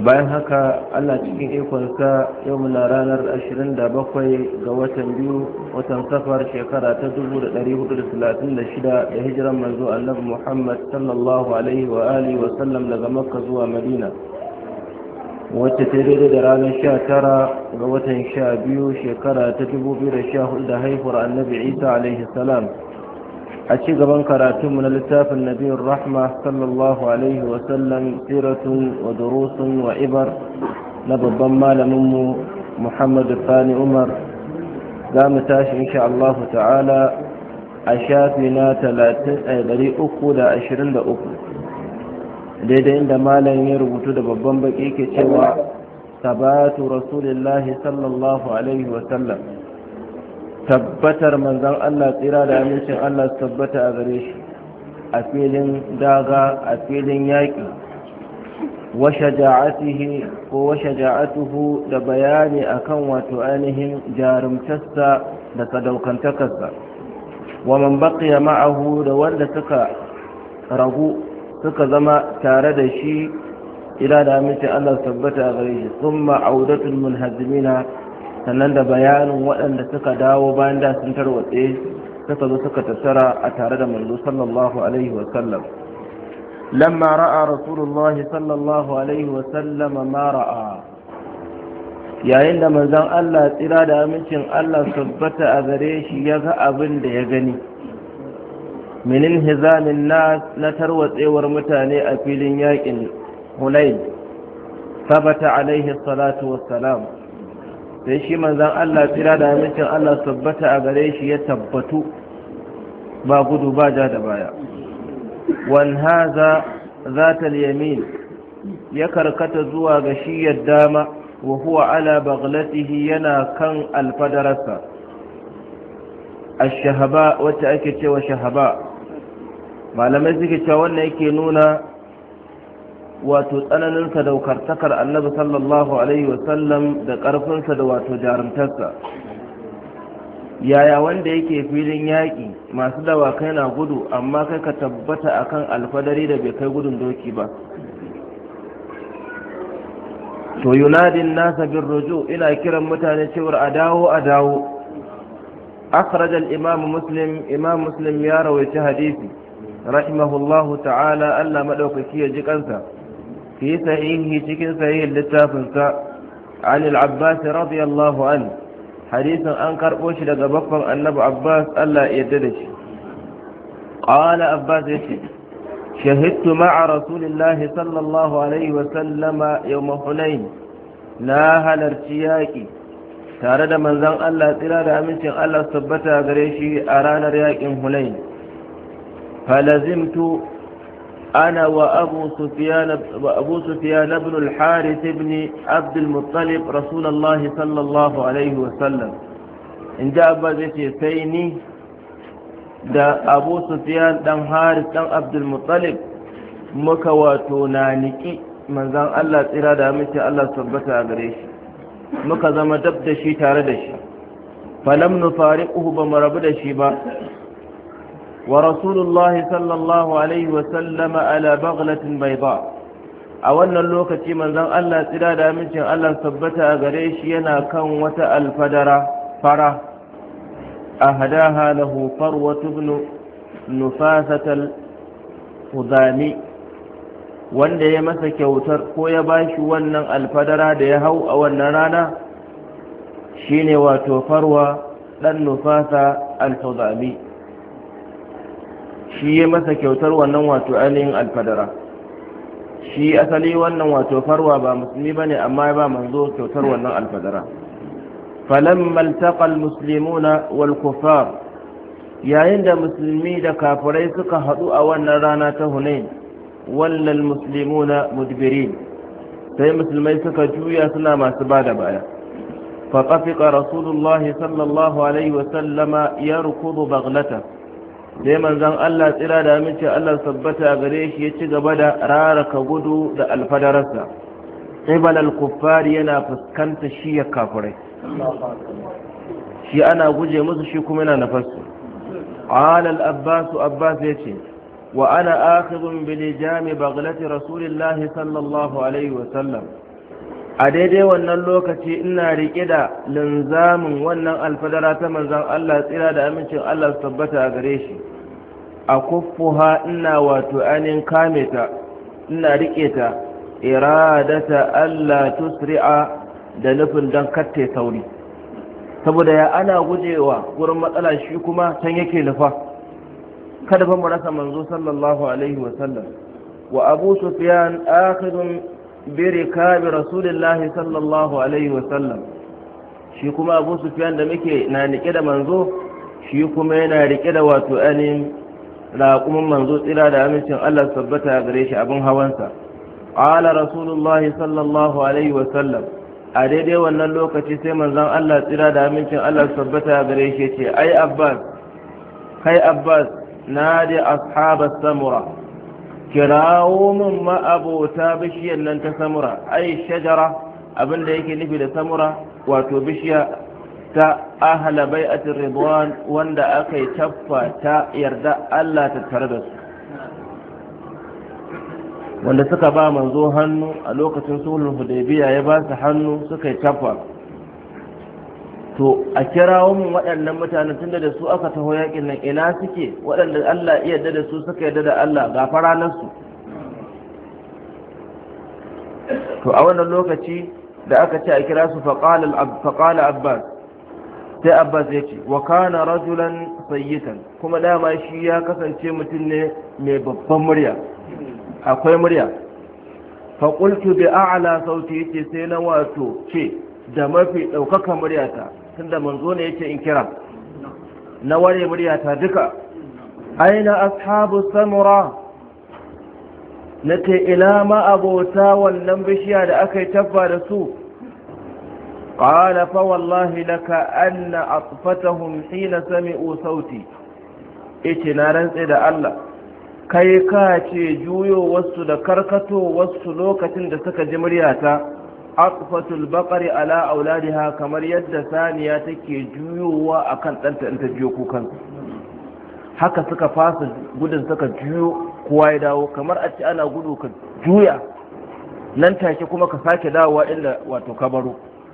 bayan haka allah cikin ikonsa yau muna ranar 27 ga watan biyu watan safar shekara ta 436 da hijiran manzo annabi muhammad sallallahu alaihi wa alihi wa sallam daga makka zuwa madina wacce ta daidai da ranar 19 ga watan 12 shekara ta 2014 da haihuwar annabi isa alaihi salam a ci gaban karatunmu na littafin nabiyar rahma sallallahu alaihi wasallam siratun wa durusun wa ibar na babban malaminmu muhammadu sani umar za mu tashi insha Allah ta'ala a shafi na 323 eh, daidai inda malam ya rubutu da babban baki ke cewa sabatu rasulillahi sallallahu alaihi wasallam tabbatar manzan Allah tsira da amincin Allah su tabbata a gare shi a filin daga a filin yaƙi wa shaja'atihi ko da bayani akan wato ainihin jarumtasta da sadaukantakarsa wa man baqiya ma'ahu da wanda suka ragu suka zama tare da shi ila da amincin Allah su tabbata a gare shi thumma audatul munhazimina sannan da bayanin waɗanda suka dawo bayan da sun tarwatse suka zo suka tattara a tare da manzo sallallahu alaihi wa sallam lamma ra'a rasulullah sallallahu alaihi wa sallam ma ra'a yayin da manzon Allah tsira da amincin Allah subbata a gare shi ya ga abin da ya gani minin hizamin nas na tarwatsewar mutane a filin yakin Hunain sabata alaihi salatu wassalam salam sai shi manzan Allah tsira da amincin Allah tabbata a gare shi ya tabbatu ba gudu ba ja da baya wan haza zatal yamin ya karkata zuwa ga shiyar dama wa huwa ala baghlatihi yana kan alfadararsa a shahaba wacce ake cewa shahaba malamai suke cewa wannan yake nuna wato tsananinsa daukartakar annabi sallallahu alaihi wasallam da ƙarfinsa da wato jarumtarsa yaya wanda yake filin yaƙi masu dawakai na gudu amma kai ka tabbata akan alfadari da bai kai gudun doki ba to yunadin nasa bin ruju ina kiran mutane cewar a dawo a dawo akhraj al imam muslim imam muslim ya rawaita hadisi rahimahullahu ta'ala Allah madaukaki ya ji kansa fi sahihi cikin sahihin littafinsa an al-abbas radiyallahu an hadisin an karbo shi daga baffan annabi abbas Allah ya yarda da shi qala abbas yace shahidtu ma'a rasulillahi sallallahu alaihi wa sallama yawm hunain na halarci yaƙi. tare da manzon Allah tira da amincin Allah tabbata gare shi a ranar yakin hunain falazimtu أنا وأبو سفيان, وأبو سفيان بن الحارث بن عبد المطلب رسول الله صلى الله عليه وسلم إن جاء بذي سيني da abu sufiyan dan haris dan abdulmutsalib muka wato na manzan allah tsira da mace allah tabbata a gare shi muka zama dab da shi tare da shi falam nufari uhu ba mu rabu da shi ba ورسول الله صلى الله عليه وسلم على بغلة بيضاء a wannan lokaci manzon Allah tsira da amincin Allah tabbata a gare shi yana kan wata alfadara fara ahadaha lahu farwatu ibn nufasatal hudani wanda ya masa kyautar ko ya bashi wannan alfadara da ya hau a wannan rana shine wato farwa dan nufasa al shi ya masa kyautar wannan wato ainihin alfadara shi asali wannan wato farwa ba musulmi bane amma ya ba manzo kyautar wannan alfadara falamma altaqa almuslimuna wal kuffar yayin da musulmi da kafirai suka haɗu a wannan rana ta hunain wallal na mudbirin sai musulmai suka juya suna masu bada baya فطفق رسول الله صلى الله عليه وسلم يركض بغلته sai manzan Allah tsira da aminci Allah sabbata gare shi ya ci gaba da raraka gudu da alfadararsa qibal al yana fuskanta shi ya kafirai shi ana guje musu shi kuma yana nafasu qala al-abbas abbas yace wa ana akhidun bi lijami baghlati rasulillah sallallahu alaihi wa sallam a daidai wannan lokaci ina riƙe da linzamin wannan alfadara ta manzan Allah tsira da amincin Allah sabbata tabbata a gare shi a kuffuha ina wato anin kame ta ina rike ta iradata Allah tusri'a da nufin don katte sauri saboda ya ana gujewa gurin matsala shi kuma can yake nufa kada fa mu rasa manzo sallallahu alaihi wa sallam wa abu sufyan akhidun bi rikabi rasulillahi sallallahu alaihi wa sallam shi kuma abu sufyan da muke na nike da manzo shi kuma yana rike da wato anin raƙumin manzo tsira da amincin Allah tabbata gare shi abin hawansa qala rasulullahi sallallahu alaihi wa sallam a daidai wannan lokaci sai manzon Allah tsira da amincin Allah tabbata gare shi ce ai abbas kai abbas nadi ashaba samura kirawo min ma'abota bishiyar nan ta samura ai shajara abin da yake nufi da samura wato bishiya ta ahla bai'atir ridwan wanda aka yi taffa ta yarda Allah ta tare su wanda suka ba manzo hannu a lokacin sulhul hudaybiya ya ba su hannu suka yi taffa to a kirawo mu waɗannan mutanen tunda da su aka taho yakin nan ina suke waɗanda Allah ya yarda da su suka yarda da Allah gafara nasu to a wannan lokaci da aka ce a kira su faqala abbas sai abbas ya ce wa kana rajulan sayyitan kuma dama shi ya kasance mutum ne mai babban murya akwai murya fa qultu bi a'la sauti yace sai na wato ce da mafi daukaka muryata tunda manzo ne yace in kira na ware muryata duka aina ashabu samura nace ila ma abota wannan bishiya da aka tabba da su قال فوالله لك أن أطفتهم حين سمعوا صوتي اتنا رنسي دا الله kai ka ce juyo wasu da karkato wasu lokacin da suka ji muryata aqfatul baqari ala auladiha kamar yadda saniya take juyowa akan ɗanta in ta juyo kukan haka suka fasa gudun suka juyo kowa ya dawo kamar a ce ana gudu ka juya nan take kuma ka sake dawowa inda wato ka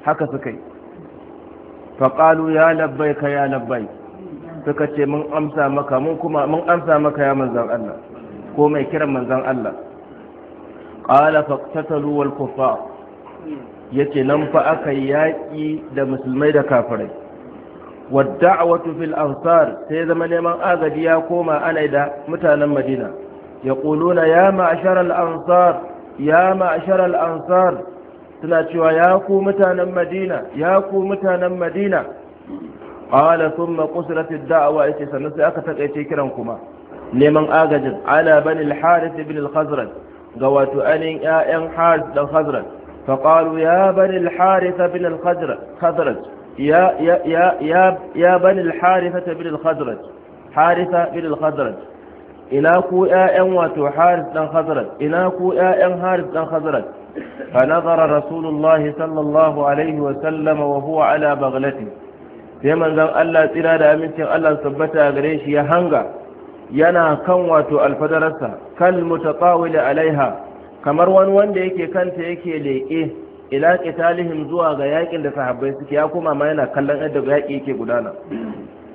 haka suka yi faƙalu ya labbai ka ya labbai suka ce mun amsa maka mun kuma mun amsa maka ya manzan Allah ko mai kiran manzan Allah qala faqtatalu wal kuffar nan fa aka yaƙi da musulmai da kafirai a fil ansar sai zama neman agaji ya koma ana da mutanen Madina yaquluna ya ma'ashara al ansar ya masharar al ansar suna cewa ya ku mutanen madina ya ku mutanen madina qala thumma qusratid da'wa yace sannan sai aka takaice kiran kuma neman agajin ala bani al-harith ibn al-khazraj ga wato anin ƴaƴan harith da khazraj fa qalu ya bani al-harith ibn al-khazraj ya ya ya ya bani al-harith ibn al-khazraj haritha ibn al-khazraj ina ku ƴaƴan wato harith dan khazraj ina ku ƴaƴan harith dan khazraj فنظر رسول الله صلى الله عليه وسلم وهو على بغلته sai manzon Allah tsira da amincin Allah tabbata gare shi ya hanga yana kan wato alfadararsa kal mutatawil alaiha kamar wani wanda yake kanta yake leƙe ila qitalihim zuwa ga yakin da sahabbai suke ya koma ma yana kallon yadda yaki yake gudana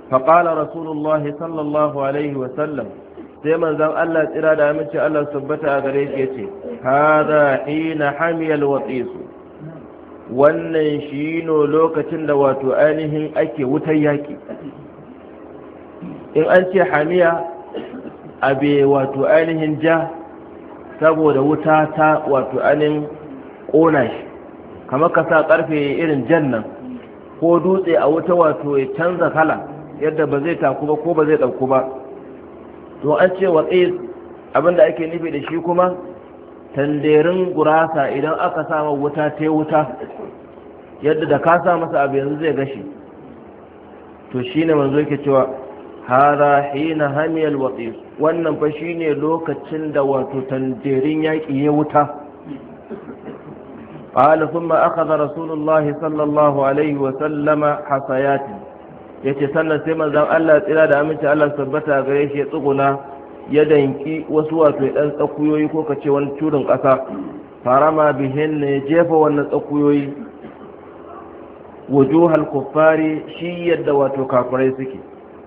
fa qala rasulullahi sallallahu alaihi wa sallam sai manzon Allah tsira da amince Allah tabbata a gare shi yace hada hina hamiyal watisu wannan shino lokacin da wato ainihin ake wutar yaki in an ce hamiya abe wato ainihin ja saboda wuta ta wato ainihin kona shi kamar ka sa karfe irin jan nan ko dutse a wuta wato ya canza kala yadda ba zai taku ba ko ba zai ɗauku ba to an ce wa abinda ake nufi da shi kuma tanderin gurasa idan aka sama wuta ta wuta yadda da ka sa masa abu yanzu zai gashi to shine manzo yake cewa hada hina hamiyal waqis wannan fa ne lokacin da wato tanderin yaki ya wuta قال ثم أخذ رسول الله صلى الله عليه وسلم حصياته ya ce sannan sai manzan Allah tsira da aminci Allah tabbata gare shi ya tsuguna ya danki wasu wato ɗan tsakuyoyi ko kace wani curin ƙasa farama bihin ne jefa wannan tsakuyoyi wajo halkufari shi yadda wato kafirai suke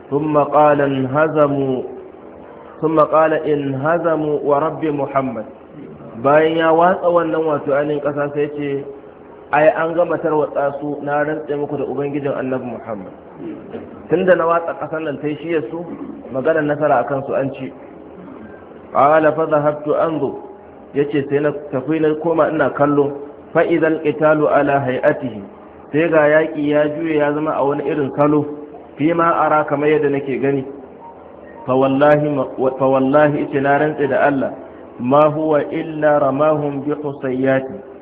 sun maƙala in hazamu wa rabbi muhammad bayan ya watsa wannan wato ainihin ƙasa sai ce ai an gama tarwatsa su na rantse muku da ubangijin annabi muhammad tunda na watsa ƙasar nan ta shi su magana nasara akan su an ci qala fa dhahabtu anzu yace sai na tafi na koma ina kallo fa Italu qitalu ala hay'atihi sai ga yaki ya juye ya zama a wani irin kalo fi ma ara kamar yadda nake gani fa wallahi fa ita na rantse da Allah ma huwa illa ramahum bi husayyati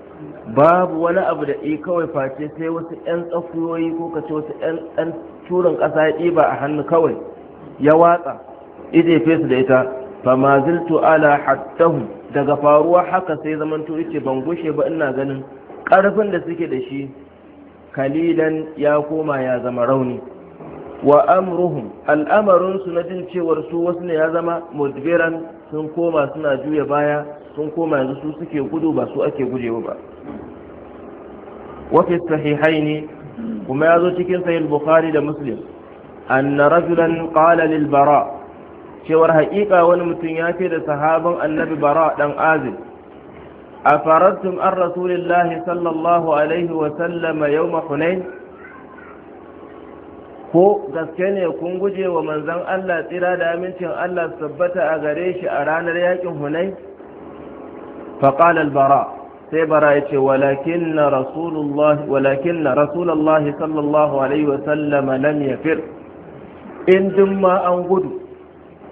babu wani abu da ɗi kawai face sai wasu 'yan tsakuyoyi ko ka ce wasu 'yan turin ƙasa ya ɗiba a hannu kawai ya watsa ije fesu da ita fama ziltu ala hattahu daga faruwa haka sai zamanto ce ban gushe ba ina ganin ƙarfin da suke da shi kalilan ya koma ya zama rauni wa amruhum al'amarinsu na jin cewar su wasu ne ya zama mudbiran sun koma suna juya baya sun koma yanzu su suke gudu ba su ake gujewa ba wafi ne? kuma ya zo cikin sahih bukhari da muslim anna rajulan qala lil bara cewar haƙiƙa wani mutum ya ce da sahabin annabi bara dan azib afaradtum an rasulillahi sallallahu alaihi wa sallama yawma hunain ko gaske ne kun guje wa manzon Allah tsira da amincin Allah tabbata a gare shi a ranar yakin hunain فقال البراء sai bara ya ce walakin na rasulallah sallallahu alaihi wasallama lam ya fir in ma an gudu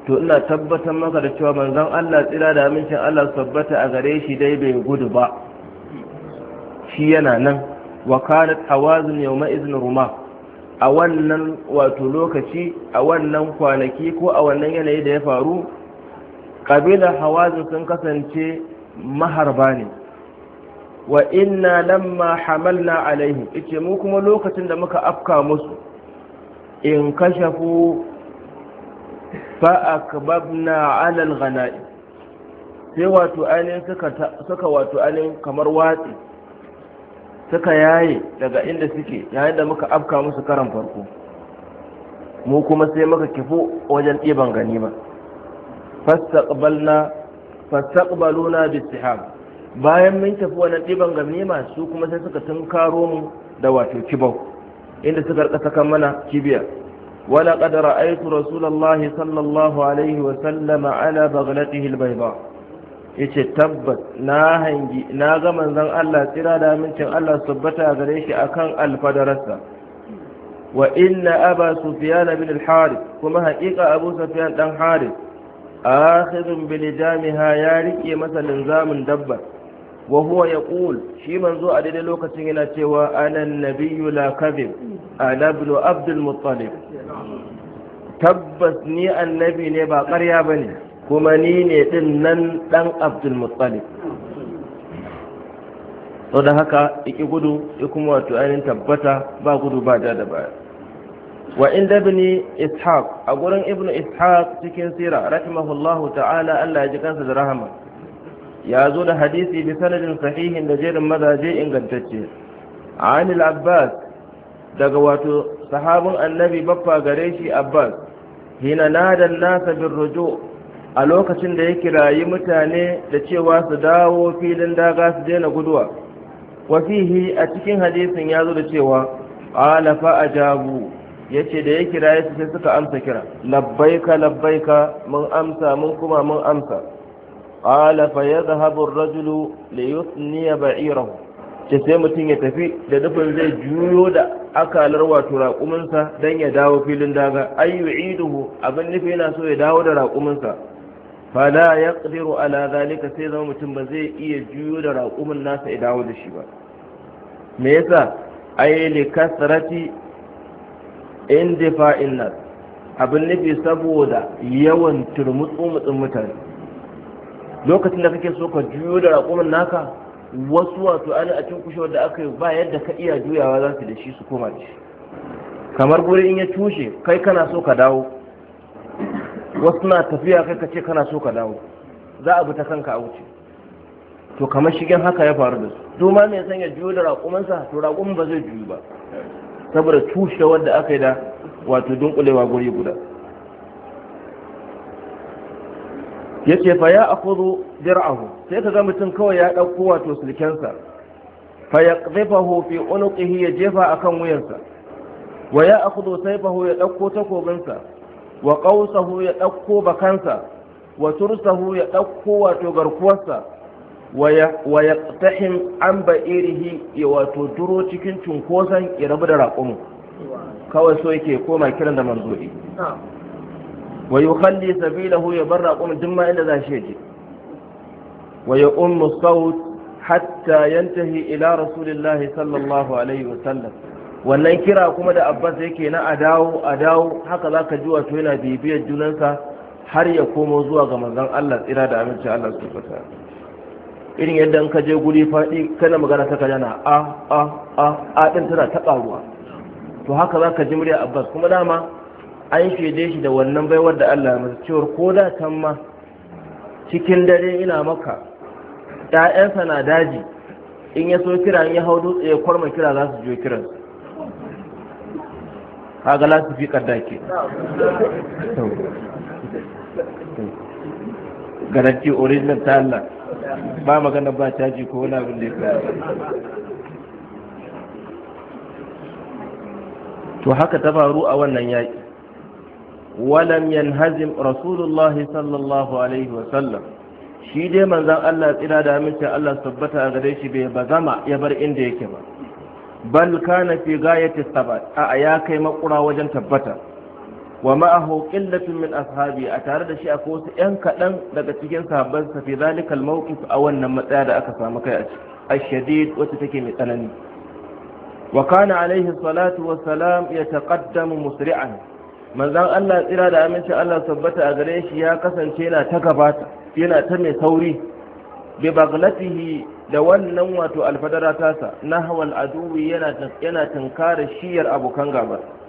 to ina tabbatar maka da cewa manzon Allah tsira da amincin Allah tabbata a gare shi dai bai gudu ba shi yana nan wa hawazin yawma izn ruma a wannan wato lokaci a wannan kwanaki ko a wannan yanayi da ya faru kabila hawazin sun kasance maharba ne wa inna lamma hamalna alaihim ce mu kuma lokacin da muka afka musu in kashafu fa akbabna ala alghana'i sai wato ainihin suka wato ainihin kamar watsi suka yaye daga inda suke yayin da muka afka musu karan farko mu kuma sai muka kifo wajen ɗiban ganima fastaqbalna fastaqbaluna bisihab bayan mun tafi wannan diban ganima su kuma sai suka tunkaro mu da wato kibau inda suka rika saka mana kibiya wala qad ra'aytu rasulullahi sallallahu alaihi wa sallam ala baghlatihi albayda yace tabbat na hangi na ga manzon Allah tsira da amincin Allah subbata gare shi akan alfadararsa wa inna aba sufyan bin al kuma haƙiƙa abu sufyan dan harith akhidun bilidamiha ya rike masa linzamin dabba wa huwa yaqul shi manzo a daidai lokacin yana cewa ana nabiyyu la kadhib ana ibn abdul muttalib tabbas ni annabi ne ba ƙarya bane kuma ni ne din nan dan abdul muttalib sau da haka iki gudu ya kuma wato ainin tabbata ba gudu ba da da baya wa inda ibn ishaq a gurin ibn ishaq cikin sira rahimahullahu ta'ala Allah ya ji kansa da rahama ya zo da hadisi bi sanadin sahihin da jerin mazaje ingantacce anil abbas daga wato sahabin annabi baffa gare shi abbas hina nadan nasa bin rujo a lokacin da ya kirayi mutane da cewa su dawo filin daga su daina guduwa wafihi a cikin hadisin ya zo da cewa ƙala fa ajabu yace da ya kira ya sai suka amsa kira labbaika ka, mun amsa mun kuma mun amsa qala fa yadhhabu ar-rajulu li yuthniya ba'irahu ce sai mutum ya tafi da nufin zai juyo da akalar wato raƙuminsa don ya dawo filin daga ay iduhu abin nufi yana so ya dawo da raƙuminsa fala yaqdiru ala zalika sai zama mutum ba zai iya juyo da raƙumin nasa ya dawo da shi ba me yasa ay li kasrati indifa'in inna abin nufi saboda yawan turmutsu mutane lokacin da kake so ka juyo da raƙumin naka wasu wato ana a cikin kushewar da aka yi ba yadda ka iya juyawa za su da shi su koma shi kamar guri in ya cushe kai kana so ka dawo wasu na tafiya kai ka ce kana so ka dawo za a bi ta kanka a wuce to kamar shigen haka ya faru da su to ma me san ya juyo da raƙumansa to raƙumin ba zai juyu ba saboda tushe wanda aka yi da wato dunkulewa guri guda ya ce fa ya akudu dir'ahu sai ka ga mutum kawai ya ɗauko wato silkensa fa ya ƙafafahu fi unuqihi ya jefa akan wuyansa wa ya akudu saifahu ya ɗauko takobinsa wa ƙausahu ya ɗauko bakansa wa tursahu ya ɗauko wato garkuwarsa wa tahin an irihi ya wato duro cikin cunkoson ya rabu da raƙumin kawai so yake koma kiran da manzo yi wa sabi sabilahu ya bar raƙumin duk ma inda za shi je wa ya ummu saut hatta yantahi ila rasulillahi sallallahu alaihi wa sallam wannan kira kuma da abbas yake na a dawo a dawo haka ka ji wato yana bibiyar junansa har ya komo zuwa ga manzon Allah tsira da aminci Allah su wa irin yadda ka je guri faɗi kana magana ta kana a a a a din tana ta ƙaruwa to haka za ka ji murya abbas kuma dama an shaide shi da wannan baiwar da allah masu cewar ko da can ma cikin dare ina maka ɗayansa na daji in ya so kira in ya hau dutse ya kwarma kira za su je kiran kaga la su fi kaddake garanti original ta allah ba magana ba caji ko wani abin da ya kai to haka ta faru a wannan yaƙi walam yanhazim rasulullah sallallahu alaihi wa shi dai manzan Allah tsira da aminci Allah tabbata a gare shi bai ba. Zama ya bar inda yake ba bal kana fi gayyata sabat a ya kai makura wajen tabbata wa ma'ahu qillatun min ashabi a tare da shi a wasu yan kaɗan daga cikin sahabban sa fi zalikal mawqif a wannan matsaya da aka samu kai a ciki ashadid wacce take mai tsanani wa kana alaihi salatu wa salam yataqaddamu musri'an manzon Allah tsira da aminci Allah tabbata a gare shi ya kasance yana ta gabata yana ta mai sauri bi baglatihi da wannan wato alfadara tasa nahwal aduwi yana yana tinkara shiyar abokan gaba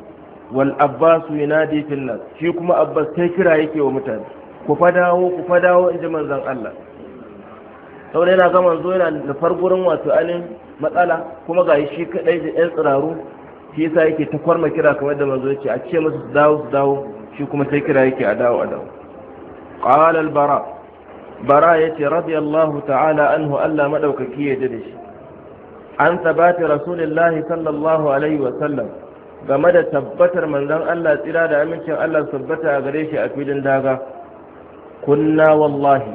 wal abbasu yunadi fil nas shi kuma abbas sai kira yake wa mutane ku fadawo ku fadawo inji manzon Allah saboda yana ga manzo yana fargurin wato anin matsala kuma ga shi kadai da yan tsiraru shi yake ta kira kamar da manzo yace a ce musu su dawo su dawo shi kuma sai kira yake a dawo a dawo qala al bara bara yace radiyallahu ta'ala anhu Allah maɗaukaki ya dade shi an sabati rasulillahi sallallahu alaihi wa sallam game da tabbatar manzon Allah tsira da amincin Allah tabbata a gare shi a filin daga kunna wallahi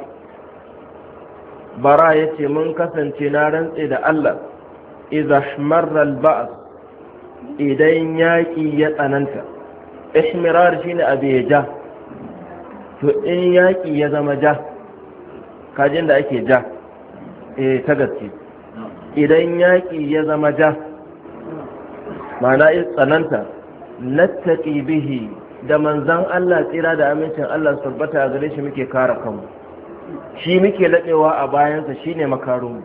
bara ya ce mun kasance na rantse da Allah izahmarra al-ba'as idan yaƙi ya tsananta ihmirar shine abu ya ja to in yaƙi ya zama ja kajin da ake ja eh ta gaske idan yaƙi ya zama ja ma'ana ya tsananta nattaqi bihi da manzan Allah tsira da amincin Allah tabbata a gare shi muke kare kanmu shi muke laɗewa a bayansa shi ne makarun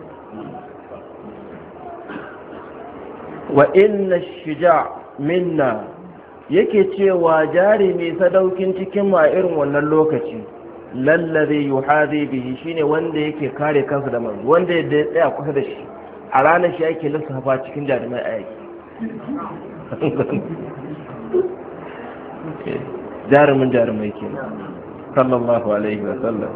wa inna shija minna yake cewa jari mai sadaukin cikin ma irin wannan lokaci lallabe haɗe bihi shine wanda yake kare kansa da manzo wanda ya tsaya kusa da shi a ranar shi ake lissafa cikin jarumai a yake jarumin jarumai ke sallallahu alaihi wa sallam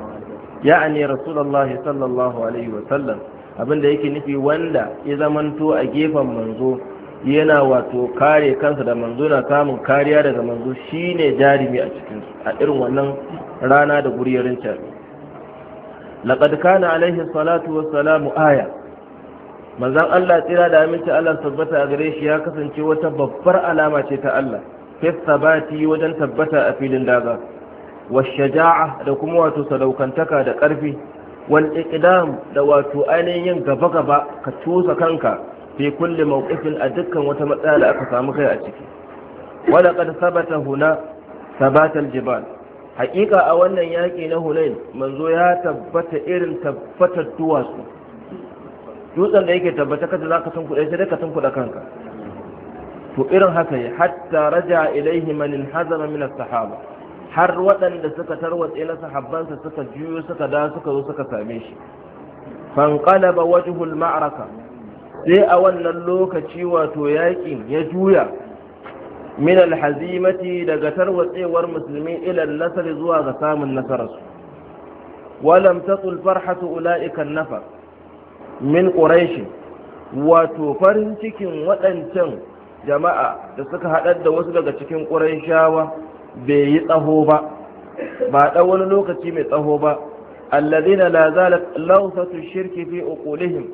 ya'ani rasulullahi sallallahu alaihi wa sallam abinda yake nufi wanda ya zamanto a gefen manzo yana wato kare kansa da manzo na samun kariya daga manzo shine jarumi a cikin a irin wannan rana da guriyarin ta laqad kana alaihi salatu wassalamu aya manzan Allah tsira da aminci Allah tabbata a gare shi ya kasance wata babbar alama ce ta Allah fi sabati wajen tabbata a filin daga wa shaja'a da kuma wato sadaukantaka da ƙarfi wal iqdam da wato ainihin gaba gaba ka tusa kanka fi kulli mawqifin a dukkan wata matsala da aka samu kai a ciki wa laqad sabata huna sabatal jibal haƙiƙa a wannan yaƙi na Hunain manzo ya tabbata irin tabbatar duwatsu dutsen da yake tabbata kace ka san kuɗe sai dai ka san kuɗa kanka to irin haka ne hatta raja ilaihi man inhazama min as-sahaba har waɗanda suka tarwatse na sahabbansa suka juyo suka da suka zo suka same shi fanqalaba wajhul ma'raka sai a wannan lokaci wato yaƙin ya juya min alhazimati daga tarwatsewar musulmi ila nasar zuwa ga samun nasararsu walam tatul farhatu ula'ika nafar min quraish wato farin cikin waɗancan jama'a da suka haɗar da wasu daga cikin quraishawa bai yi tsaho ba ba ɗan wani lokaci mai tsaho ba alladhina la zalat lawsatu shirki fi uqulihim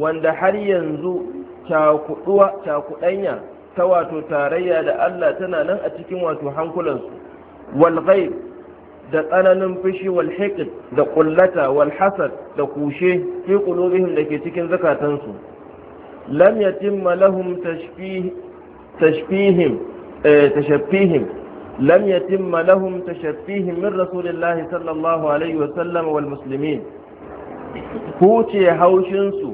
wanda har yanzu cakuduwa cakudanya ta wato tarayya da Allah tana nan a cikin wato hankulansu wal ghaib da tsananin fushi wal da kullata wal hasad da kushe fi qulubihim da ke cikin zakatansu lam yatimma lahum tashfih tashfihim eh, tashaffihim lam yatimma lahum tashaffihim min sallallahu alaihi wa sallam wal muslimin huce haushin su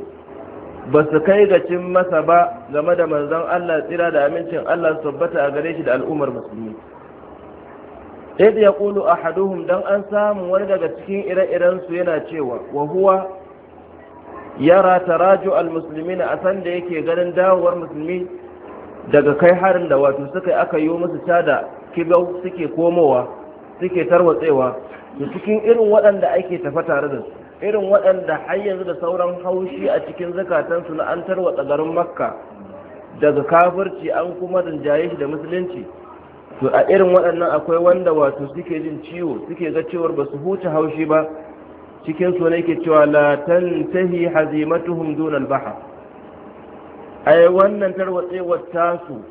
ba su kai ga cin masa ba game da manzon Allah tsira da amincin Allah su tabbata a gare shi da al'ummar musulmi ya sai da ƙulu a ahaduhum don an samu wani daga cikin ire irensu yana cewa wa huwa yara taraju almuslimina a sanda yake ganin dawowar musulmi daga kai harin da wato suka aka yi musu tada kibau suke komowa suke tarwatsewa da cikin irin waɗanda ake tafa tare da su irin waɗanda har yanzu da sauran haushi a cikin zakatansu na an tarwatsa garin makka daga kafirci an kuma rinjaye shi da musulunci to a irin waɗannan akwai wanda wato suke jin ciwo suke ga cewar ba su huce haushi ba cikin su ne ke cewa la tantahi hazimatuhum dunal bahr ai wannan tarwatse wata su,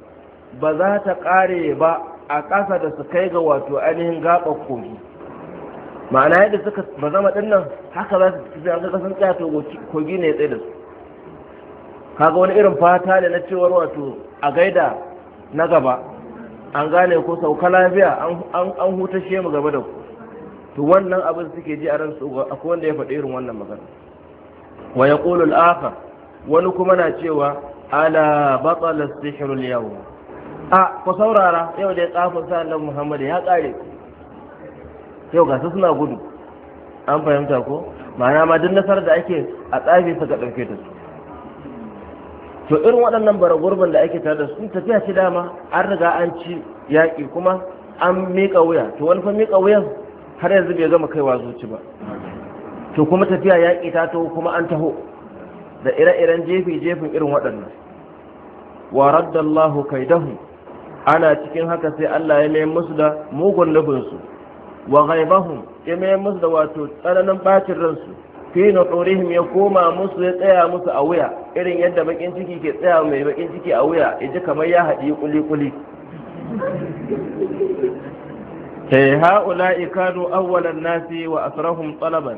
ba za ta kare ba a ƙasa da su kai ga wato ainihin gaɓar kogi ma'ana yadda suka ba zama dinnan haka za su tafi an ga sun tsaya to kogi ne tsaye da su kaga wani irin fata ne na cewar wato a gaida na gaba an gane ko sauka lafiya an hutashe mu gaba da ku to wannan abin suke ji a ran su akwai wanda ya faɗi irin wannan magana wa yaqulu al-akhar wani kuma na cewa ala batala as-sihr al-yawm a ku saurara yau da tsafin sa annabi Muhammad ya kare yau ga su suna gudu an fahimta ko ma'ana ma duk nasarar da ake a tsafi ga ɗauke da su to irin waɗannan baragurban da ake tare da su tafiya ce dama an riga an ci yaƙi kuma an miƙa wuya to wani fa miƙa wuyan har yanzu bai gama kaiwa zuci ba to kuma tafiya yaƙi ta taho kuma an taho da ire-iren jefi jefin irin waɗannan wa raddallahu kaidahu ana cikin haka sai Allah ya mayar musu da mugun nufinsu wa ghaibahum ya mayar musu da wato tsananin bacin ransu fi tsorihim ya koma musu ya tsaya musu a wuya irin yadda bakin ciki ke tsaya mai bakin ciki a wuya ya ji kamar ya haɗi kuli kuli sai ha'ula ikanu awwalan nasi wa asrahum talaban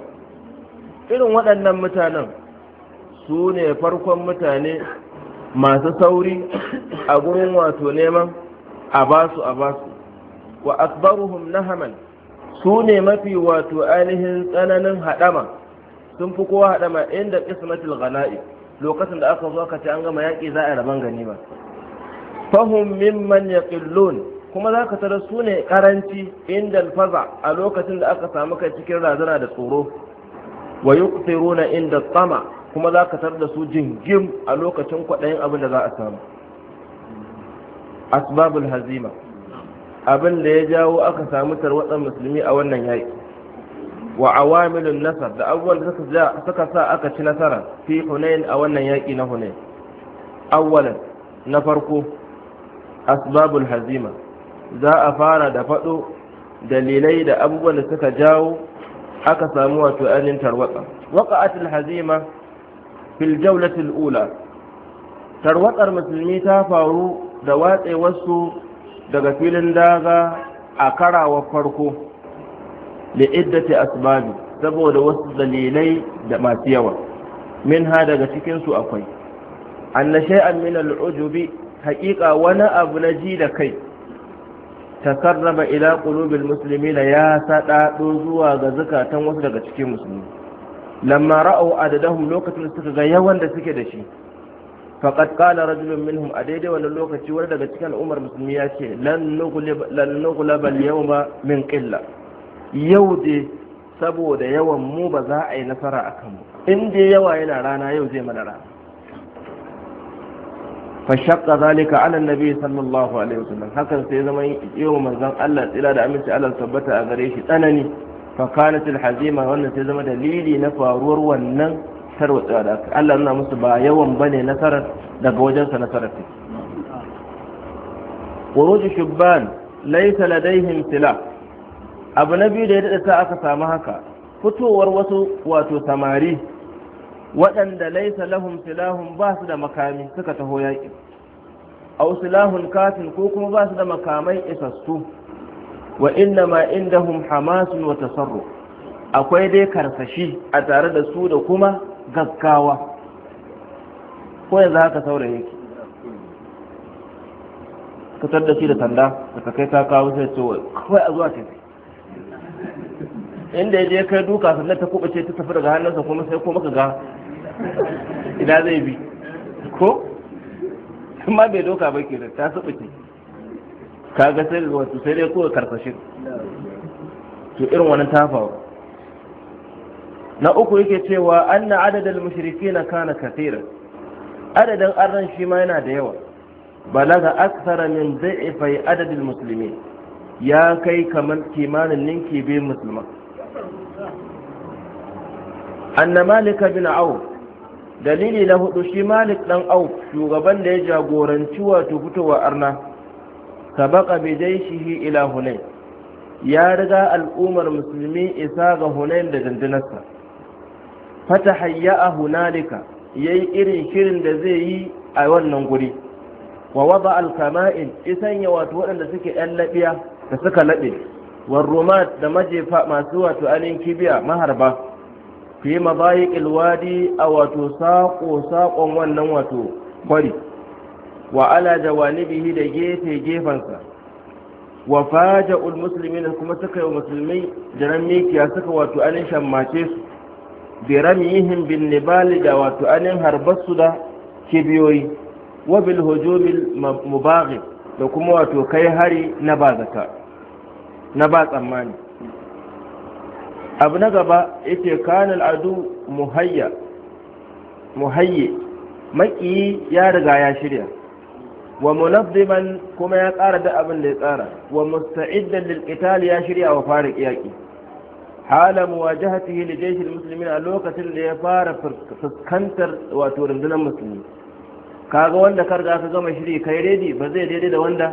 irin waɗannan mutanen su ne farkon mutane masu sauri a gurin wato neman a basu a basu wa akbaruhum nahaman su ne mafi wato ainihin tsananin haɗama sun fi kowa haɗa ma inda ƙismatul ghana'i lokacin da aka zo aka ce an gama yaƙi za a raban ba. fahum mimman yaqillun kuma za ka tara su ne karanci inda alfaza a lokacin da aka samu kai cikin razana da tsoro wa yuqtiruna inda tsama kuma za ka tar da su jingim a lokacin kwaɗayin abin da za a samu asbabul hazima abin da ya jawo aka samu tarwatsar musulmi a wannan yaƙi wa awamilun nasar da abubuwan da suka sa aka ci nasara fi hunain a wannan yaƙi na hunain awwalan na farko asbabul hazima za a fara da faɗo dalilai da abubuwan da suka jawo aka samu wato ainihin tarwatsa waƙa'atul hazima fil jawlatil ula tarwatsar musulmi ta faru da watsewarsu daga filin daga a karawa farko li'iddati asbabi saboda wasu dalilai da masu yawa min ha daga cikin su akwai anna shay'an min al'ujubi haqiqa wani abu na ji da kai takarraba ila qulubil muslimin ya sada do zuwa ga zakatan wasu daga cikin musulmi lamma ra'u adadahum lokacin suka ga yawan da suke da shi faqad qala rajulun minhum a daidai wannan lokaci wani daga cikin al'ummar musulmi ya ce lan nughlib lan nughlab al-yawma min qilla yau dai saboda yawan mu ba za a yi nasara a kanmu in dai yawa yana rana yau zai mana rana ka zalika ala nabi sallallahu alaihi wasallam hakan sai zama yau manzon Allah tsira da aminci Allah tabbata a gare shi tsanani fa kanat hazima wannan sai zama dalili na faruwar wannan tarwatsa da Allah nuna musu ba yawan bane nasarar daga wajensa nasarar take wuruj shubban laysa ladaihim silah abu na biyu da ya daɗa ta aka samu haka fitowar wasu wato samari waɗanda laisa lahum silahun ba su da makami suka taho yaƙi au silahun katin ko kuma ba su da makamai isassu wa inna ma indahum hamasun wa tasarru akwai dai karsashi a tare da su da kuma gaggawa ko yanzu haka saurayi ki ka da shi da sanda da ka kai kawo sai ce kawai a zuwa tafi inda ya je kai duka sannan ta kubace ta tafi daga hannunsa kuma sai kuma ka ga ina zai bi ko ma bai doka ba ke ta ce ka ga sai da wasu sai dai kuwa karkashin to irin wani ta faru na uku yake cewa adadin mashiriki na kana kafirin adadin arnan shi ma yana da yawa ga aksara min ifai adadin musulmi ya kai kamar kimanin ninki bai musulman anna malika bin au dalili na hudu shi malik dan au shugaban da ya jagoranci wato fitowa arna sabaka bi jaishihi ila hunain ya riga al'ummar musulmi isa ga hunain da dandinarsa fata hayya'a hunalika yayi irin shirin da zai yi a wannan guri wa wada alkama'in isan ya wato waɗanda suke yan labiya da suka laɓe war da majefa masu wato alin kibiya maharba fi mabayiqil wadi a wato saƙo-saƙon wannan wato kwari wa ala jawanibihi da gefe gefansa wa Ulmusulmi da kuma suka yi musulmai jiran mikiya suka wato anin shammace su bi ramyihim bin nibali da wato anin harbasu da kibiyoyi wa bil hujumil mubaghi da kuma wato kai hari na ba zaka na ba tsammani abu na gaba yace kan al'adu muhayya muhayyi maki ya riga ya shirya wa munazziman kuma ya tsara da abin da ya tsara wa musta'iddan lil qital ya shirya wa fara kiyaki hala muwajahatihi li jaysh al muslimin a lokacin da ya fara fuskantar wato rundunar musulmi kaga wanda ka riga ka gama shiri kai ready ba zai daidai da wanda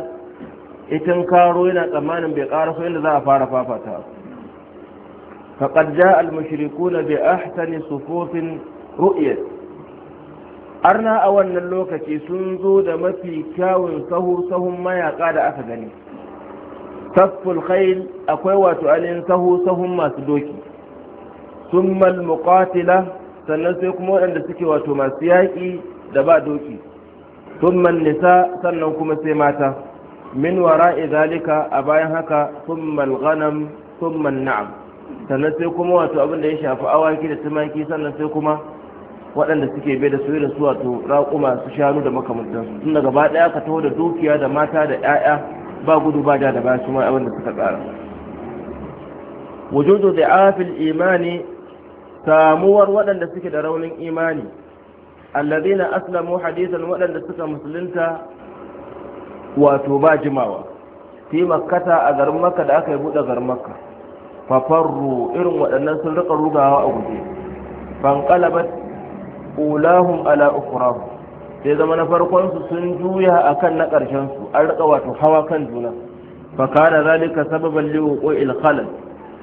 itin karo yana tsammanin bai ƙara so da za a fara fafatawa فقد جاء المشركون بأحسن صفوف رؤية arna a wannan lokaci sun zo da mafi kyawun sahu sahun mayaka da aka gani safful khail akwai wato ainihin sahu sahun masu doki summal muqatila sannan sai kuma waɗanda suke wato masu yaƙi da ba doki summan nisa sannan kuma sai mata min wara'i zalika a bayan haka summal ghanam summan na'am sannan sai kuma wato abin da ya shafi awaki da tumaki sannan sai kuma waɗanda suke bai da su da su wato raƙuma su shanu da makamantansu tun daga gaba ɗaya ka taho da dukiya da mata da 'ya'ya ba gudu ba da ba su ma abin da suka tsara wujudu da afil imani samuwar waɗanda suke da raunin imani allazina aslamu hadithan waɗanda suka musulunta wato ba jimawa fi makkata a garin makka da aka yi buɗe garin makka fafarru irin waɗannan sun riƙa rugawa a guje fanqalabat ulahum ala ukrahu sai zama na farkon su sun juya akan na ƙarshen su an riƙa wato hawa kan juna fa kana zalika sababan li ko khalal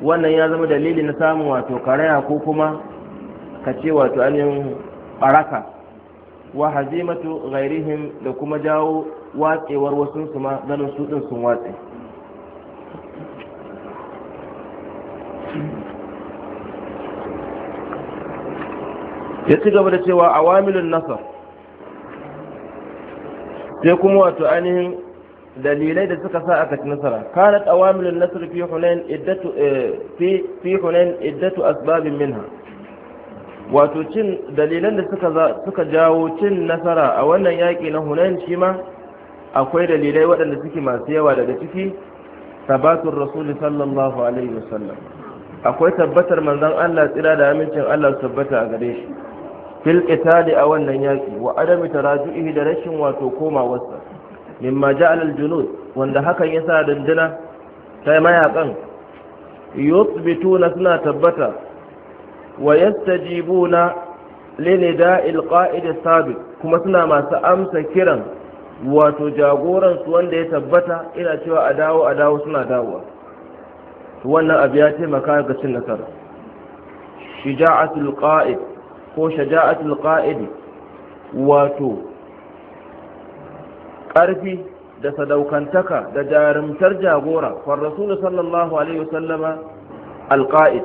wannan ya zama dalili na samun wato karaya ko kuma ka ce wato anin baraka wa hazimatu ghairihim da kuma jawo watsewar wasu su ma ganin su din sun watse ya ci gaba da cewa awamilun nasar sai kuma wato ainihin dalilai da suka sa aka ci nasara kanat awamilun nasar fi hunain iddatu eh, fi hunain iddatu asbabin minha wato cin dalilan da suka suka jawo cin nasara a wannan yaki na hunain shi ma akwai dalilai waɗanda suke masu yawa daga ciki sabatun rasul sallallahu alaihi wasallam akwai tabbatar manzon Allah tsira da amincin Allah tabbata a gare shi fil qitali a wannan yaki wa adami taraju'ihi da rashin wato komawarsa mimma ja'al al-junud wanda hakan yasa dandana sai mayakan yuthbituna suna tabbata wa yastajibuna al qa'id sabit kuma suna masu amsa kiran wato jagoransu wanda ya tabbata ina cewa a dawo a dawo suna dawowa to wannan abu ya taimaka ga cin nasara shija'atul qa'id ko shaja'atul qa'id wato ƙarfi da sadaukantaka da jarumtar jagora kwan rasulullahi sallallahu alaihi wasallama alqa'id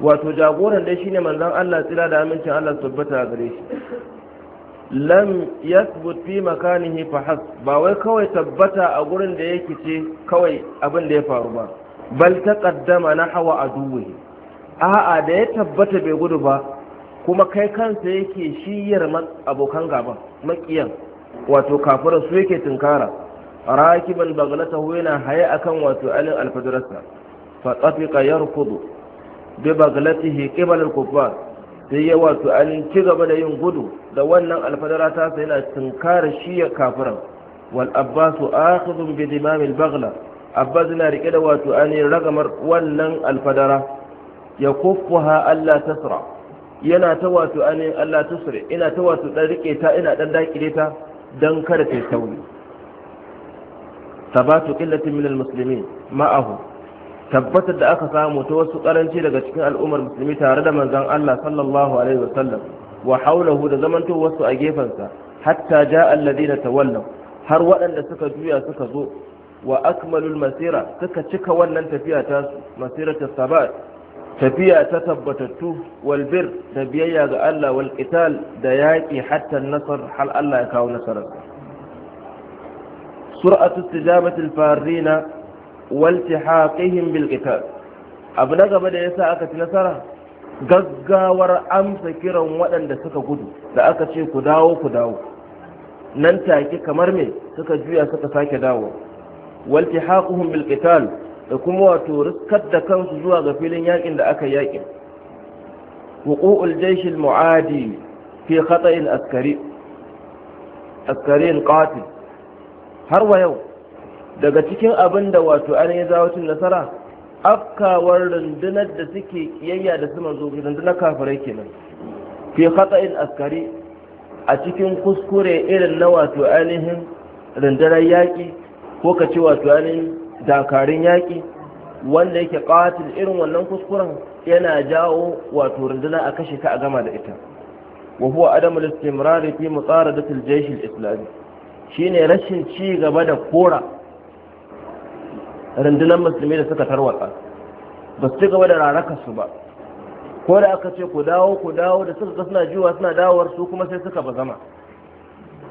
wato jagoran dai shine manzon Allah tsira da amincin Allah tabbata gare shi lam yathbut fi makanihi fa ba wai kawai tabbata a gurin da yake ce kawai abin da ya faru ba bal ta hawa a aduwwi a'a da ya tabbata bai gudu ba kuma kai kansa yake shiyar abokan gaban makiyan wato kafura su yake tunkara rakiban baglatahu yana haye akan wato alin alfadarsa fa tafiqa yarkudu bi baglatihi qibala al sai ya wato alin ci gaba da yin gudu da wannan alfadarata ta sai yana tunkara shiyar ya kafiran wal abbasu akhidun bi dimamil abbas na rike da wato ainihin ragamar wannan alfadara ya ha allah tasra yana ta wato ainihin allah tasra ina ta wato dan rike ta ina dan dakile ta dan kada ta sauri sabatu qillatin min almuslimin ma'ahu tabbatar da aka samu ta wasu karanci daga cikin al'ummar musulmi tare da manzon Allah sallallahu alaihi wasallam wa haulahu da zamanto wasu a gefensa hatta ja alladina tawallaw har waɗanda suka juya suka zo wa akmalul masira suka cika wannan tafiya ta masirata sabat tafiya ta tabbatattu walbir da biyayya ga Allah wal qital da yaki hatta nasar hal Allah ya kawo nasara sur'atu istijabati farina waltihaqihim bil qital abu na gaba da yasa aka ci nasara gaggawar amsa kiran waɗanda suka gudu da aka ce ku dawo ku dawo nan take kamar me suka juya suka sake dawo waltihaquhum bil qital da kuma wato riskar da kansu zuwa ga filin yakin da aka yakin wuqu'ul jaysh al mu'adi fi al askari al qatil har wa yau daga cikin abin da wato an yi zawacin nasara afkawar rundunar da suke kiyayya da su manzo rundunar kafirai kenan fi khata'in askari a cikin kuskure irin na wato ainihin rundunar yaƙi ko ka ce wato yanin dakarun yaƙi wanda yake ƙatil irin wannan kuskuren yana jawo wato rundunar a kashe ka a gama da ita wa huwa adamul istimrari fi muqaradatil jaysh al-islami shine rashin ci gaba da kora rundunar musulmi da suka tarwatsa ba su ci gaba da raraka su ba ko da aka ce ku dawo ku dawo da suka ga suna jiwa suna dawowar su kuma sai suka bazama zama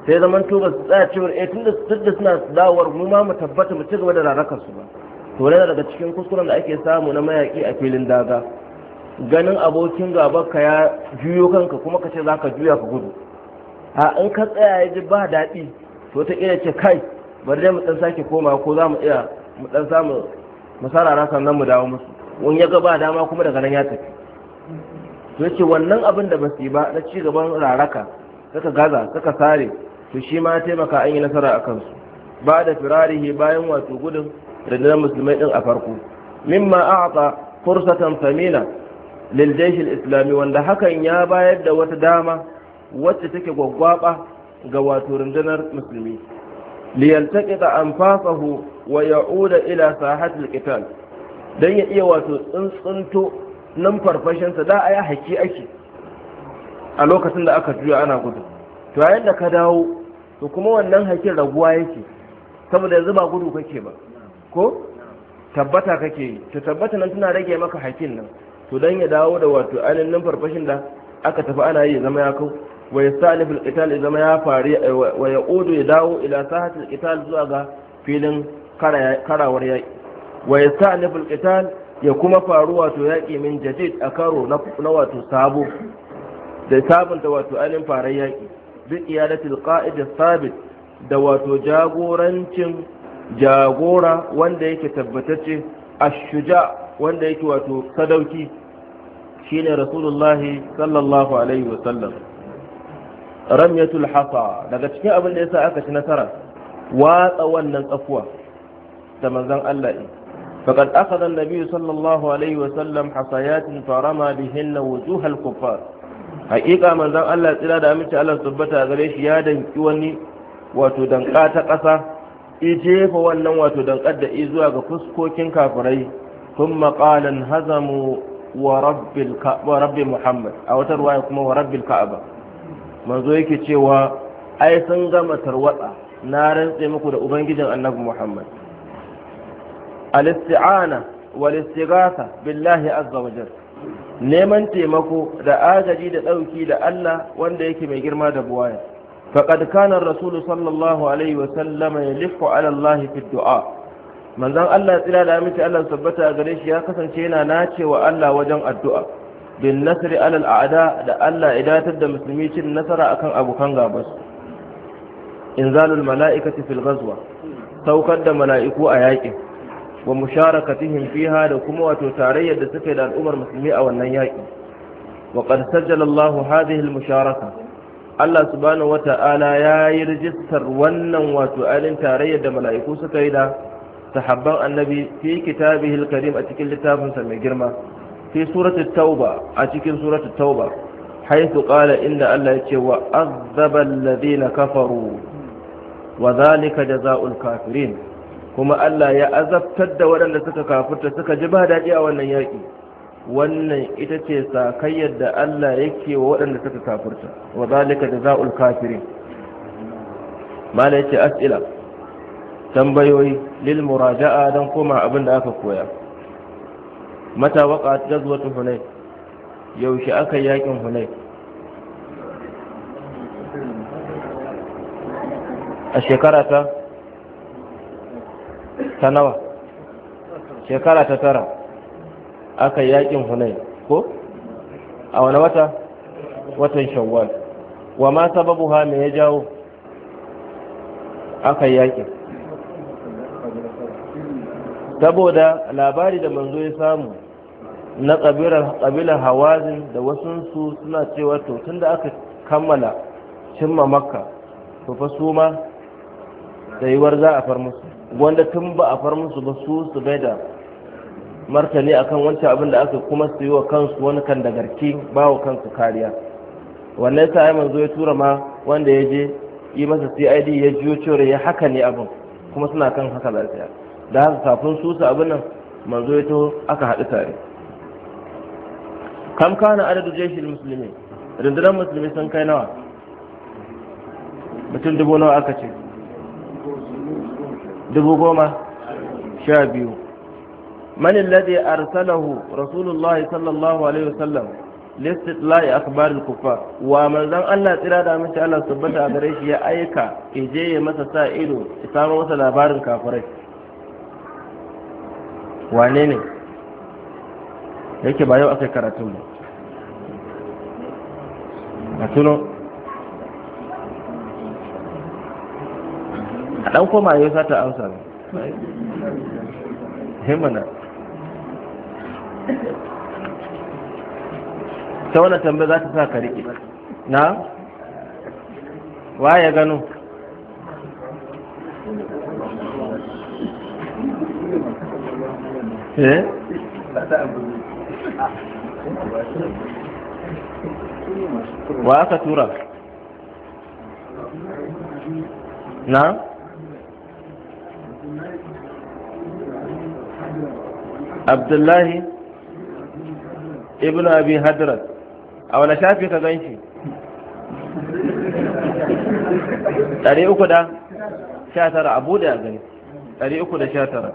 sai zaman to ba su tsaya cewar eh tunda da suna dawowar mu ma mu tabbata mu ci gaba da rarakar su ba to ne daga cikin kuskuren da ake samu na mayaki a filin daga ganin abokin gaba ka ya juyo kanka kuma ka ce za ka juya ka gudu a in ka tsaya ya ji ba daɗi to ta iya ce kai bari dai mu dan sake koma ko za mu iya mu dan samu mu rasa nan mu dawo musu wani ya ga ba dama kuma daga nan ya tafi to yace wannan abin da ba su yi ba na ci gaban raraka suka gaza saka sare to shi ma taimaka an yi nasara a kansu ba da firarihi bayan wato gudun rundunar musulmai din a farko mimma a'ata fursatan famina lil islami wanda hakan ya bayar da wata dama wacce take gwaggwaba ga wato rundunar musulmi liyaltaqita anfasahu wa ya'uda ila sahatil qital dan ya iya wato tsuntsunto nan farfashinsa da a yi haki ake a lokacin da aka juya ana gudu to yayin da ka dawo to kuma wannan hakin raguwa yake saboda yanzu ba gudu kake ba ko tabbata kake yi to tabbata nan tana rage maka hakin nan to dan ya dawo da wato ainihin farfashin da aka tafi ana yi zama ya kau wa yasalif alqital ya zama ya fari eh, wa Udu ya dawo ila sahatil qital zuwa ga filin karawar yaki wa yasalif alqital ya kuma faru wato yaki min jadid a karo na wato sabo da sabunta wato ainihin farar yaki bi iyalatil qa'id thabit da wato jagorancin jagora wanda yake tabbatacce ashuja wanda yake wato sadauki shine rasulullahi sallallahu alaihi wa sallam ramyatul hasa daga cikin abin da yasa aka ci nasara watsa wannan tsakuwa da manzon Allah ne faqad akhadha an-nabiy sallallahu alaihi wa sallam hasayatin farama bihinna wujuhal kuffar hakika manzan Allah tsira da amince Allah tabbata gare shi ya danki wani wato danka ta ƙasa i jefa wannan wato dankar da izuwa ga fuskokin kafirai tun maƙalin hazamu wa rabbi muhammad a wata ruwaya kuma wa rabbi ka'aba manzo yake cewa ai sun gama tarwatsa na rantse muku da ubangijin annabi muhammad al-isti'ana wal-istighatha billahi azza wa neman taimako da agaji da ɗauki da Allah wanda yake mai girma da buwaya faqad kana rasul sallallahu alaihi wa sallam yalifu ala fi du'a manzon Allah tsira da amince Allah sabbata gare shi ya kasance yana nacewa Allah wajen addu'a bin nasri alal al'ada da Allah datar da musulmi cin nasara akan abokan gabas inzalul mala'ikati fil ghazwa saukar da mala'iku a yaƙin. wa musharakatihim fiha da kuma wato tarayyar da suka yi da al'ummar musulmi a wannan yaƙi wa qad sajjala Allah hadhihi al-musharaka Allah subhanahu wata'ala ya yi rijistar wannan wato alin tarayyar da mala'iku suka yi da sahabban annabi fi kitabihi al-karim a cikin littafinsa mai girma fi suratu tauba a cikin suratu tauba haythu qala inda Allah ya ce wa azzaba alladhina kafaru wa dhalika jazaa'ul kafirin kuma Allah ya azabtar da waɗanda suka kafurta suka ji ba daɗi a wannan yaƙi wannan ita ce sakayyar da Allah yake wa waɗanda suka kafurta wa zalika jazaul kafirin mala as'ila tambayoyi lil muraja'a dan koma abin da aka koya mata waqa'at tun hunayn yaushe aka yaƙin hunai a shekara ta ta nawa shekara ta tara aka yi yakin hunai ko a wani wata watan shawwal wa ma sababu ha me ya jawo aka yi yakin saboda labari da manzo ya samu na ƙabilar hawazin da wasunsu suna cewa to tun da aka kammala cimma makka to fa su ma da yiwuwar za a far musu wanda tun ba a far musu ba su su bai da martani akan wancan abin da aka kuma su yi wa kansu wani kan da garki ba wa kansu kariya wannan yasa ai manzo ya tura ma wanda ya je yi masa CID ya jiyo cewa ya haka ne abin kuma suna kan haka lafiya da haka kafin su su abin nan manzo ya taho aka haɗu tare kam kana adadu jeshin musulmi rundunar musulmi sun kai nawa mutum dubu nawa aka ce dubu goma sha biyu manin lade arsalahu rasulullahi sallallahu alaihi wasallam listitlai akbar kufa wa manzon Allah tsira da mashi Allah tabbata a gare shi ya aika ije ya masa sa ido ya samu masa labarin kafirai wane ne yake ba yau aka karatu ne a tuno a ɗan koma ya sata amsa ne himmana ta wani tambe za ta sa ka riƙe na wa ya gano eh? wa aka tura na abdullahi ibn abi hadrat a wani shafi ka gan shi ɗari uku da sha tara abu da gani ɗari uku da sha tara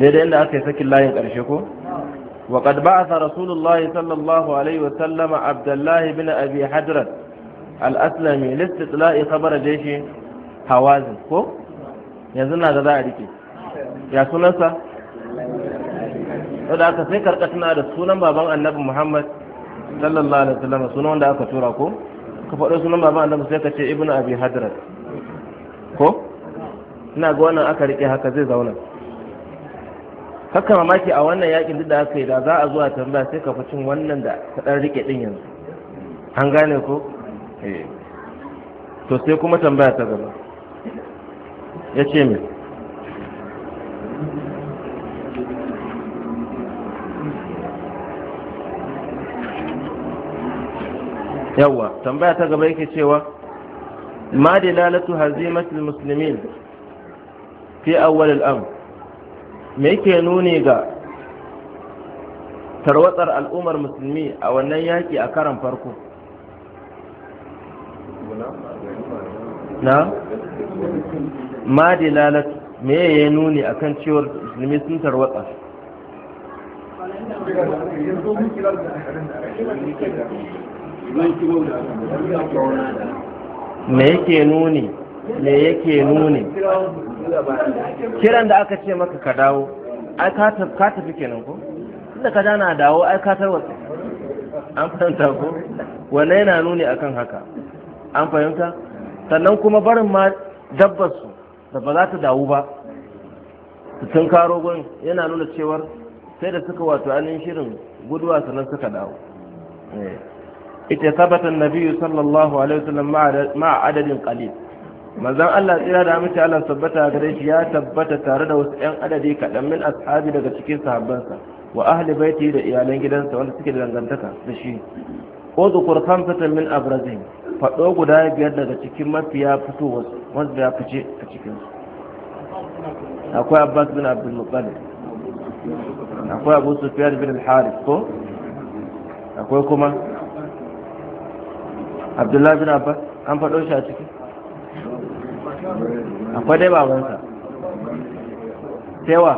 daidai inda aka yi sakin layin ƙarshe ko وقد بعث رسول الله صلى الله عليه وسلم عبد الله بن أبي حجرة الأسلمي لاستطلاع خبر جيش هوازن yanzu na ga za a rike ya sunansa wadda aka sai karka da sunan baban annabi muhammad sallallahu alaihi wasallam sunan wanda aka tura ko ka faɗo sunan baban annabi sai ka ce ibn abi hadrat ko ina ga wannan aka rike haka zai zauna kakka mamaki a wannan yakin duk da aka yi da za a zuwa tambaya sai ka fi cin wannan da ka dan rike din yanzu an gane ko eh. to sai kuma tambaya ta gaba ya ce mai yawwa tambaya ta gaba yake cewa ma lalatu hazimatul muslimin fi awwal al'am me yake nuni ga tarwatsar al'ummar musulmi a wannan yaki a karan farko na ma lalat, me ya nuni akan cewar musulmi sun tarwatsa me yake nuni me yake nuni kiran da aka ce maka ka dawo ai ka tafi kenan ko tunda ka dana dawo ai ka tarwatsa an fahimta ko wannan yana nuni akan haka an fahimta sannan kuma barin ma dabbar su da ba za ta dawo ba su karo gun yana nuna cewar sai da suka wato ainihin shirin guduwa sannan suka dawo eh. ita sabata nabiyu sallallahu alaihi wasallam ma'a adadin qalil manzon Allah tsira da amince Allah tabbata gare shi ya tabbata tare da wasu 'yan adadi kaɗan min ashabi daga cikin sahabbansa wa ahli baiti da iyalan gidansa wanda suke da dangantaka da shi Ko udhkur khamsatan min abrazin faɗo guda biyar daga cikin mafiya fito wanda ya fice a su. akwai abbas bin abdul muttalib akwai abu sufiyar bin al-harith ko akwai kuma abdullahi bin abbas an faɗo shi a ciki akwai dai babansa tewa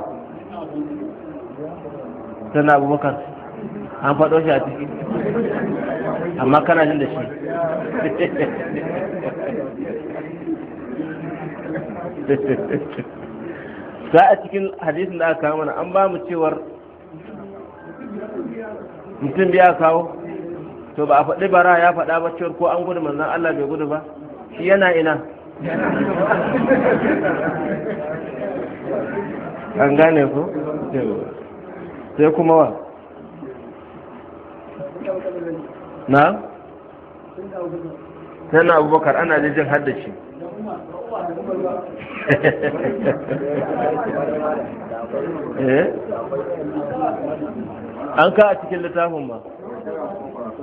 sannan abubakar an faɗo shi a ciki amma kana jin da shi za a cikin hadisin da aka kawo mana an ba mu cewar mutum biya kawo to ba a faɗi bara ya faɗa ba cewar ko an gudu manzan Allah bai gudu ba shi yana ina an gane ku sai kuma wa na tana abubakar ana jin haddashi eh? an ka a cikin littafin ba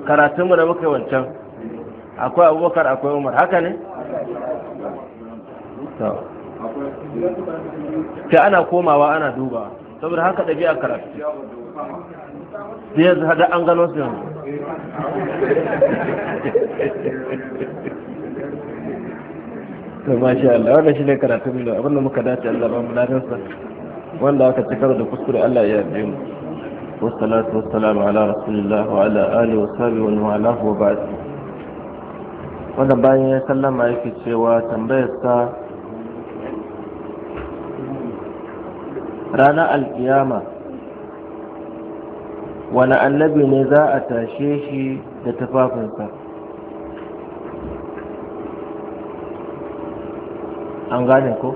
karatunmu da muka wancan akwai abubakar akwai umar haka ne? ta ana komawa ana duba saboda haka ɗabi'a karatu sai yanzu hada an gano su yanzu to masha Allah wannan shine karatun da abinda muka dace Allah ba mu ladan sa wanda aka cikar da kuskure Allah ya yarda mu wassalatu wassalamu ala rasulillah wa ala alihi wa sahbihi wa ala wa ba'd wannan bayan ya sallama yake cewa tambayar sa ranar alkiyama wani annabi ne za a tashe shi da tufafinsa an gane ko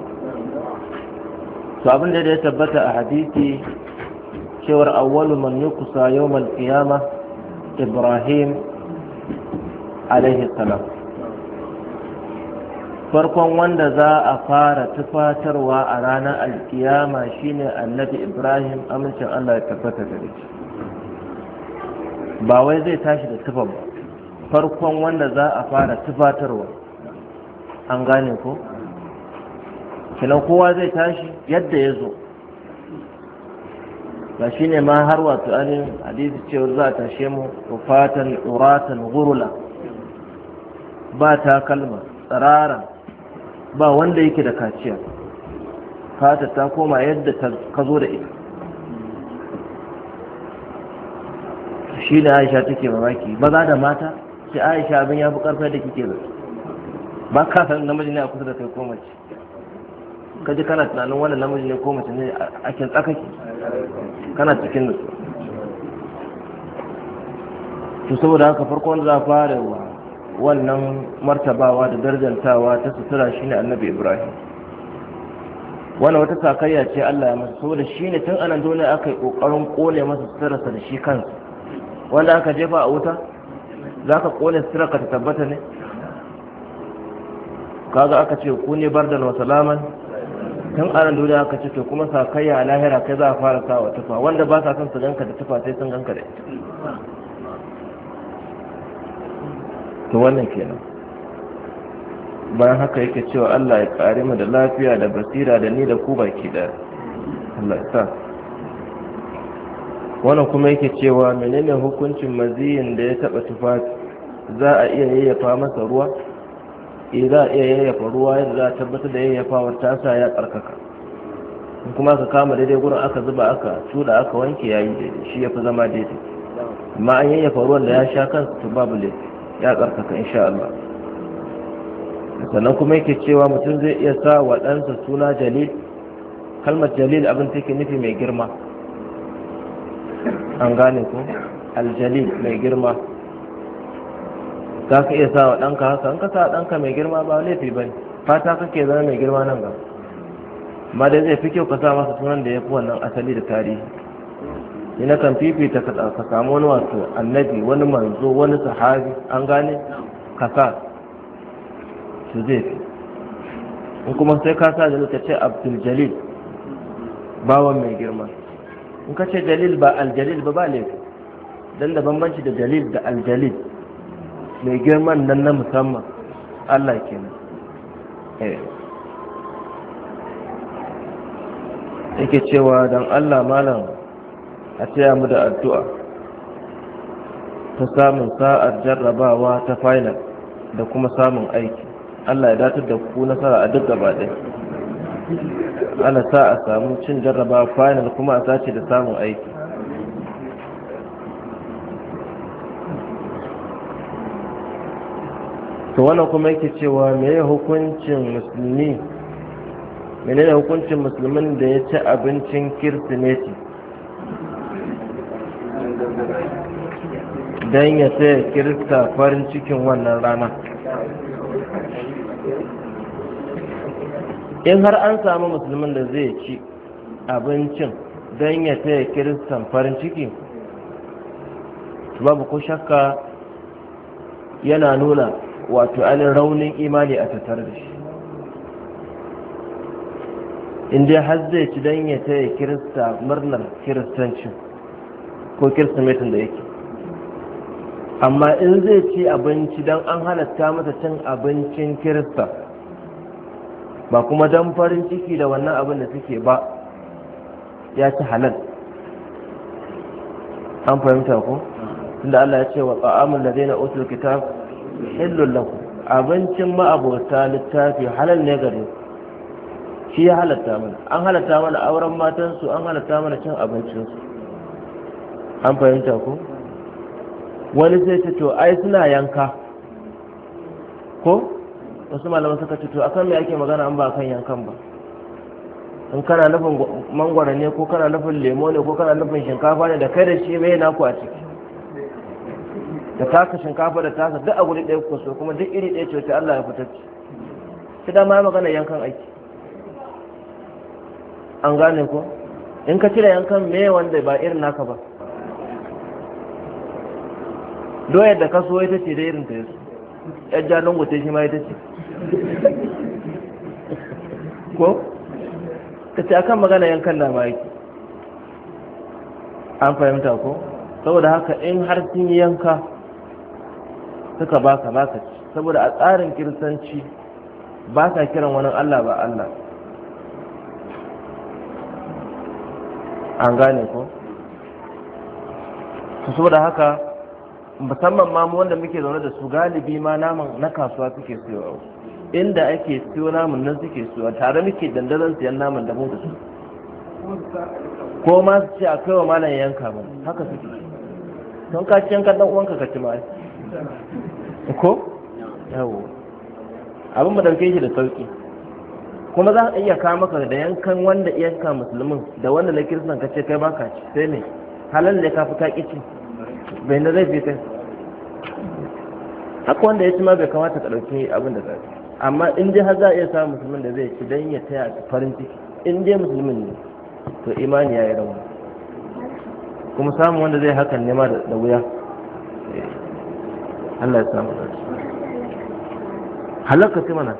to abin da ya tabbata a hadisi cewar awwalu man yukusa yawmal ibrahim salam farkon wanda za a fara tufatarwa a ranar alkiyama shine annabi ibrahim amincin allah ya tabbata gare shi ba wai zai tashi da tufa ba farkon wanda za a fara tufatarwa an gane ko kina kowa zai tashi yadda ya zo ba shi ne ma har wato anin hadisi cewar za a tashe mu fatan uratan gurula ba takalma tsirara ba wanda yake da kaciya fata ta koma yadda ka zo da ita shi ne aisha take mamaki maza da mata sai aisha abin ya fi karfai da kike zato ba ka san namiji ne a kusa da kai ko mace ka ji kana tunanin wannan namiji ne ko mace ne a kin tsakaki kana cikin nutsu to saboda haka farko wanda za fara wa wannan martabawa da darjantawa ta sutura shine annabi ibrahim wannan wata sakayya ce Allah ya masa saboda shine tun anan dole aka yi kokarin kone masa sa da shi kansa wanda aka jefa a wuta za ka kone sitirar ka ta tabbata ne kaga aka ce ku ne bardan wa salaman tun aran duniya aka ce to kuma sa a lahira kai za a fara sawa tufa wanda ba sa son su ganka da tufa sai sun ganka da ita to wannan kenan bayan haka yake cewa Allah ya kare mu da lafiya da basira da ni da ku baki da Allah ya sa wannan kuma yake cewa menene hukuncin maziyin da ya taba tufafi za a iya yayyafa masa ruwa eh za a iya yayyafa ruwa yadda za a tabbatar da yayyafawar tasa ya tsarkaka kuma ka kama daidai gurin aka zuba aka tuda aka wanke yayi daidai shi ya fi zama daidai amma an yayyafa ruwan da ya sha kansa to babu le ya tsarkaka insha Allah sannan kuma yake cewa mutum zai iya sa wa ɗansa suna jalil kalmar jalil abin take nufi mai girma an gane ku aljali mai girma za ka iya sa wa ɗanka haka An ka sa ɗanka mai girma ba laifi ba fata kake zama mai girma nan ga ma dai zai fi kyau ka sa masa sunan da ya fi wannan asali da tarihi ni na kan fifita ka samu wani wato annabi wani manzo wani sahabi an gane ka sa su zai fi in kuma sai ka sa da lokaci abdul jalil bawan mai girma in ka ce dalil ba aljalil ba ba ne don da bambanci da dalil da aljalil mai girman nan na musamman allah ke Ya eh. yake cewa don allah malam a taya mu da addu'a ta samun sa'ar jarrabawa ta final da kuma samun aiki allah ya datar da ku nasara a duk gaba ɗaya ana sa a samu cin jarraba final kuma a sace da samun aiki to wannan kuma yake cewa meye hukuncin musulmi menene hukuncin musulmin da ya ci abincin kirsimeti Dan ya taya kirista farin cikin wannan rana in har an samu musulmin da zai ci abincin don ya taya kiristan farin ciki babu ku shakka yana nuna wato alin raunin imani a tattare da shi inda har zai ci don ya taya kirista murnar kiristancin ko metin da yake amma in zai ci abinci don an halatta mata cin abincin kirista ba kuma dan farin ciki da wannan abin da suke ba ya ci halal an fahimta ko tunda Allah ya ce wa ta'amul ladaina utul kitab hillul lakum abincin ma'abota littafi halal ne gare shi ya halatta mana an halatta mana auren matansu an halatta mana cin abincinsu an fahimta ko wani sai ce to ai suna yanka ko wasu malaman suka ce to akan me ake magana an ba kan yankan ba in kana nufin mangwara ne ko kana nufin lemo ne ko kana nufin shinkafa ne da kai da shi mai naku a ciki da taka shinkafa da tasa duk a guri ɗaya ku so kuma duk iri ɗaya ce Allah ya fitar ci shi da ma magana yankan aiki an gane ko in ka cire yankan me wanda ba irin naka ba doyar da ka so ita ce da irin ta yasu yar jalungu ta shi ma ita ce ko ka ce akan magana yankan da baki an fahimta ko saboda haka in har sun yanka suka baka baka ci saboda a tsarin kirsanci ba ka kiran wani Allah ba Allah an gane ko saboda haka musamman ma wanda muke zaune da su galibi ma naman na kasuwa suke siyo. inda ake siyo namun nan suke a tare muke dandazon siyan namun da mota su ko ma su ce a kai wa malam yanka ba haka suke don ka ci yanka dan uwanka ka ci ma ko yawo abin mu dauke shi da sauki kuma za a iya kawo maka da yankan wanda yanka musulmin da wanda na kiristan ka ce kai baka ci sai ne halal ne ka fi ka ci bai na zai fi kai haka wanda ya ci ma bai kamata ka ɗauki abin da zai amma in dai har za a iya samun musulmin da zai ci don ya taya farin ciki in dai musulmin ne to imani ya yi rauni kuma samun wanda zai hakan nema da wuya eh, Allah ya samu dace halakka ce mana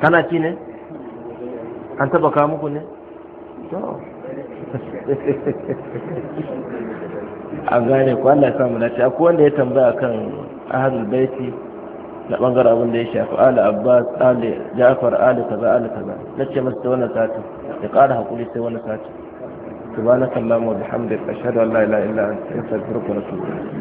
kana ci ne an taba kawo muku ne to a gane ko Allah ya samu dace akwai wanda ya tambaya kan ahadul baiti na bangaren abin da ya shafi ali abbas ali ja'far ali kaza ali kaza na ce masa wannan sati ya kara hakuri sai wannan sati subhanakallahumma wa bihamdika ashhadu an la ilaha illa anta astaghfiruka wa atubu